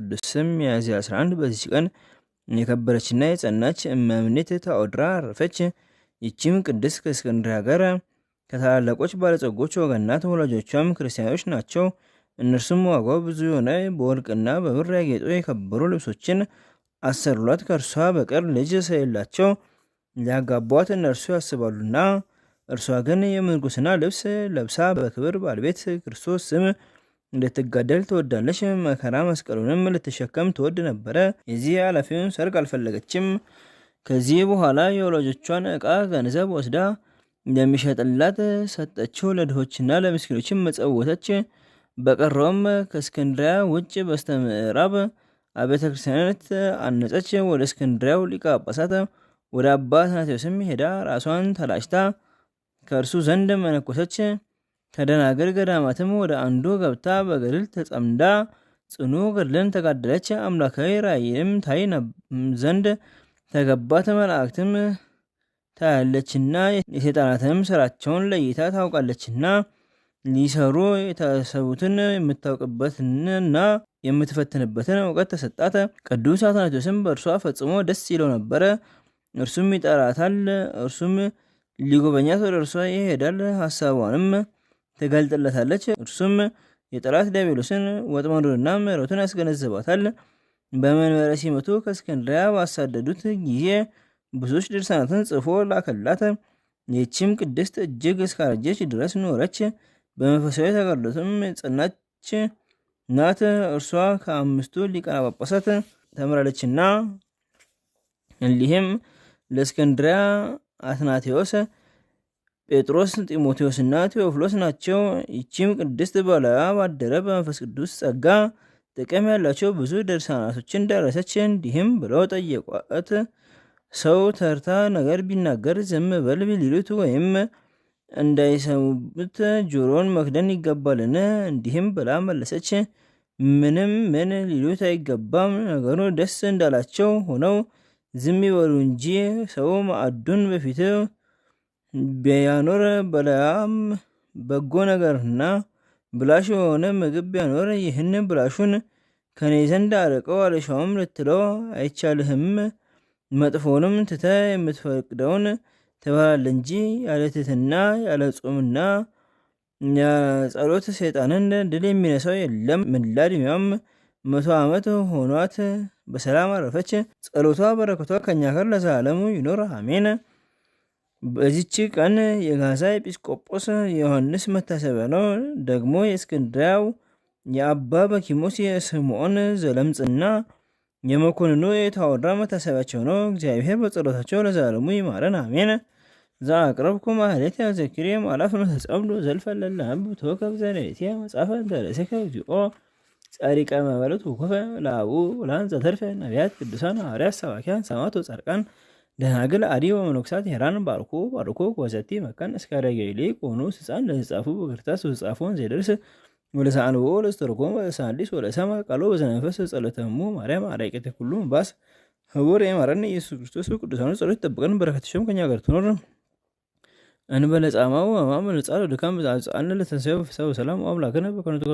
ቅዱስ ስም ሚያዝያ 11 በዚህ ቀን የከበረችና የጸናች እመምኔት ታወድራ አረፈች። ይቺም ቅድስት ከእስክንድርያ ሀገር ከታላላቆች ባለጸጎች ወገና ተወላጆቿም ወላጆቿም ክርስቲያኖች ናቸው። እነርሱም ዋጋው ብዙ የሆነ በወርቅና በብር ያጌጡ የከበሩ ልብሶችን አሰሩላት። ከእርሷ በቀር ልጅ ስለሌላቸው ሊያጋቧት እነርሱ ያስባሉና፣ እርሷ ግን የምንኩስና ልብስ ለብሳ በክብር ባለቤት ክርስቶስ ስም እንድትጋደል ትወዳለች። መከራ መስቀሉንም ልትሸከም ትወድ ነበረ። የዚህ ኃላፊውን ሰርግ አልፈለገችም። ከዚህ በኋላ የወላጆቿን ዕቃ ገንዘብ ወስዳ እንደሚሸጥላት ሰጠችው። ለድሆችና ለምስኪኖችም መጸወተች። በቀረውም ከእስክንድሪያ ውጭ በስተ ምዕራብ አብያተ ክርስቲያናት አነጸች። ወደ እስክንድሪያው ሊቀ ጳጳሳት ወደ አባ ትናቴዎስም ሄዳ ራሷን ተላጭታ ከእርሱ ዘንድ መነኮሰች። ከደናግል ገዳማትም ወደ አንዱ ገብታ በገድል ተጸምዳ ጽኑ ገድልን ተጋደለች። አምላካዊ ራእይም ታይ ዘንድ ተገባት። መላእክትም ታያለችና የሰይጣናትንም ስራቸውን ለይታ ታውቃለችና ሊሰሩ የታሰቡትን የምታውቅበትንና የምትፈትንበትን እውቀት ተሰጣት። ቅዱስ አትናቴዎስም በእርሷ ፈጽሞ ደስ ይለው ነበረ። እርሱም ይጠራታል፣ እርሱም ሊጎበኛት ወደ እርሷ ይሄዳል። ሀሳቧንም ትገልጥለታለች። እርሱም የጠላት ዲያብሎስን ወጥመዱንና ምሕረቱን ያስገነዝባታል። በመንበረ ሲመቱ ከእስክንድሪያ ባሳደዱት ጊዜ ብዙዎች ድርሳናትን ጽፎ ላከላት። ይህችም ቅድስት እጅግ እስካረጀች ድረስ ኖረች። በመንፈሳዊ ተጋድሎትም ጽናች ናት። እርሷ ከአምስቱ ሊቃነ ጳጳሳት ተምራለችና እሊህም ለእስክንድሪያ አትናቴዎስ ጴጥሮስ፣ ጢሞቴዎስና ቴዎፍሎስ ናቸው። ይቺም ቅድስት በላያ ባደረ በመንፈስ ቅዱስ ጸጋ ጥቅም ያላቸው ብዙ ድርሳናቶችን ደረሰች። እንዲህም ብለው ጠየቋት፣ ሰው ተርታ ነገር ቢናገር ዝም በል ቢሊሉት ወይም እንዳይሰሙት ጆሮን መክደን ይገባልን? እንዲህም ብላ መለሰች፣ ምንም ምን ሊሉት አይገባም። ነገሩ ደስ እንዳላቸው ሆነው ዝም ይበሉ እንጂ ሰው ማዕዱን በፊት ቢያኖረ በላያም በጎ ነገርና ብላሽ የሆነ ምግብ ቢያኖረ ይህን ብላሹን ከኔ ዘንድ አርቀው አልሻውም ልትለው አይቻልህም። መጥፎንም ትተ የምትፈቅደውን ትበላል እንጂ ያለ ትትና ያለ ጾምና ጸሎት ሰይጣንን ድል የሚነሳው የለም። ምላ ዕድሜዋም መቶ ዓመት ሆኗት በሰላም አረፈች። ጸሎቷ በረከቷ ከኛ ጋር ለዘላለሙ ይኖር አሜን። በዚች ቀን የጋዛ ኤጲስቆጶስ ዮሐንስ መታሰቢያ ነው። ደግሞ የእስክንድሪያው የአባ በኪሞስ የስምዖን ዘለምጽና የመኮንኑ የታወራ መታሰቢያቸው ነው። እግዚአብሔር በጸሎታቸው ለዘላለሙ ይማረን አሜን። ዘአቅረብኩ ማህሌት ያዘኪሬ ማላፍ ነው ተጸምዶ ዘልፈለላ አንብቶ ከብዘኔቴ መጻፈ እንተረሴከ እግዚኦ ጸሪቀ መበለት ውኮፈ ለአቡ ለአንጸ ነቢያት ቅዱሳን ሐዋርያት ሰባኪያን ሰማዕታት ጻድቃን ደናግል አዲ በመነኮሳት ሄራን ባርኮ ባርኮ ወሰቲ መካን እስከ ረገይሌ ቆኖስ ሕፃን ለተጻፉ በክርታስ ተጻፎን ዘደርስ ወለሳንቦ ለስተርጎም ወለሳንዲስ ወለሰማ ቃሎ በዘነፈስ ጸሎተሙ ማርያም አራቂት ሁሉ ባስ ህቡር የማረን ኢየሱስ ክርስቶስ ቅዱሳኑ ጸሎት ይጠብቀን በረከትሽም ከኛ ጋር ትኖር እንበለጻማው አማም ለጻሉ ድካም ጻጻን ለተንሰብ ሰው ሰላም አምላከነ በከነቱ